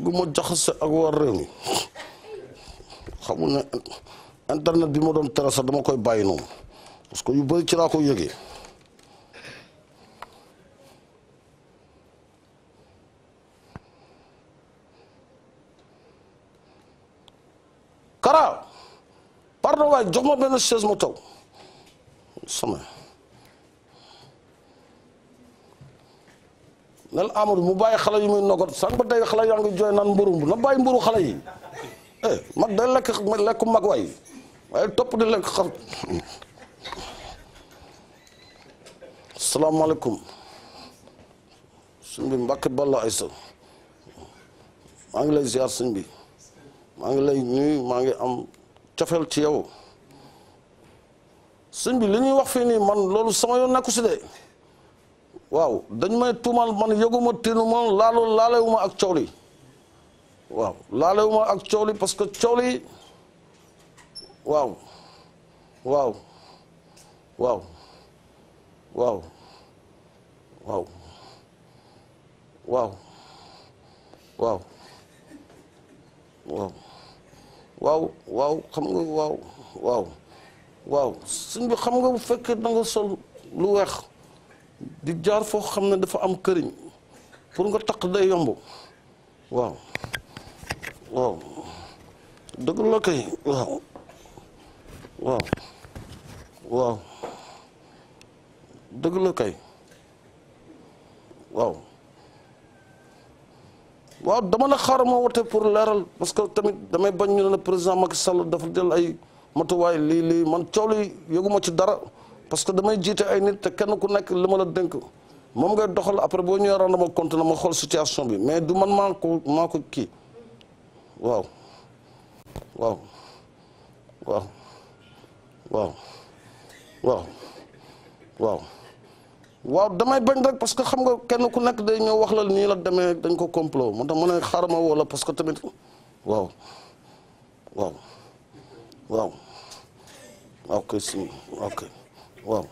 gu ma jaxase ak waa réew mi xamu ne internet bi ma doon tere sax dama koy bàyyi noonu parce que yu bëri ci laa ko yëgee kara pardon waaye jox ma benn chaise ma taw nel Amadou mu bàyyi xale yu muy nogot sànq ba tey xale yaa ngi jooy naan mburu na bàyyi mburu xale yi eh mag day lekk lekku mag waay waaye topp di lekk xam salaamaaleykum sëñ bi Mbàkke Balla Aysa maa ngi lay ziar suñ bi maa ngi lay nuyu maa ngi am cofeel ci yow sëñ bi li ñuy wax fii nii man loolu sama yoon nekku si de waaw dañ may tuumal man yëguma tinu ma laalo laalewuma ak coow li waaw laalewuma ak coow li parce que coow li waaw waaw waaw waaw waaw waaw waaw waaw waaw waaw xam nga waaw waaw bi xam nga bu fekkee da sol lu weex di jaar foo xam ne dafa am këriñ pour nga takk day yomb waaw waaw dëgg la kay waaw waaw dëgg la kay waaw dama ne xaaral ma wote pour leeral parce que tamit damay bañ ñu ne président Macky Sall dafa jël ay matuwaay lii lii man coow li ci dara parce que damay jiite ay nit te kenn ku nekk li ma la dénk moom ngay doxal après boo ñëwee rendre ma compte na ma xool situation bi mais du man maa ko maa ko kii waaw waaw waaw waaw damay bañ rek parce que xam nga kenn ku nekk day ñëw wax la nii la demee dañ ko complot parce que tamit waaw waaw waaw ok si ok waaw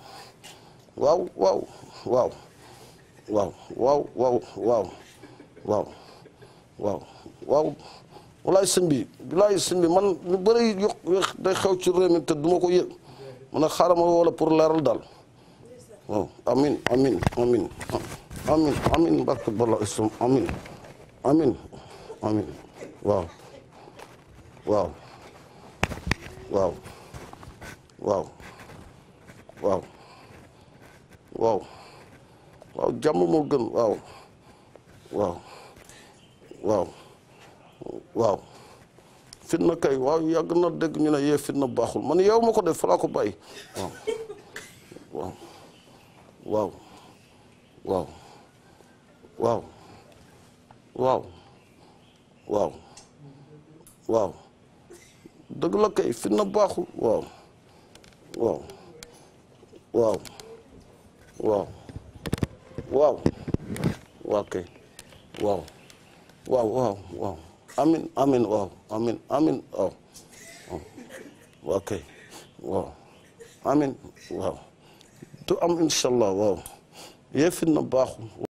waaw waaw waaw waaw waaw waaw waaw waaw waaw waaw walaay sëñ bi bilaay sëñ bi man lu bëri yu day xew ci réew mi te du ma ko yëg man a xaaral ma wala pour leeral daal waaw amin amin amin amin amin barke bala islam amin amin amin waaw waaw waaw waaw waaw waaw waaw jàmm moo gën waaw waaw waaw waaw fitna kay waaw yàgg na dégg ñu ne yee fitna baaxul man yow ma ko def falaa ko bàyyi waaw waaw waaw waaw waaw waaw waaw waaw baaxul waaw waaw waaw waaw waaw waaw kay waaw waaw waaw waaw amin amin waaw amin amin waaw waaw kay waaw amin waaw du am incha allah waaw yëfin na baaxu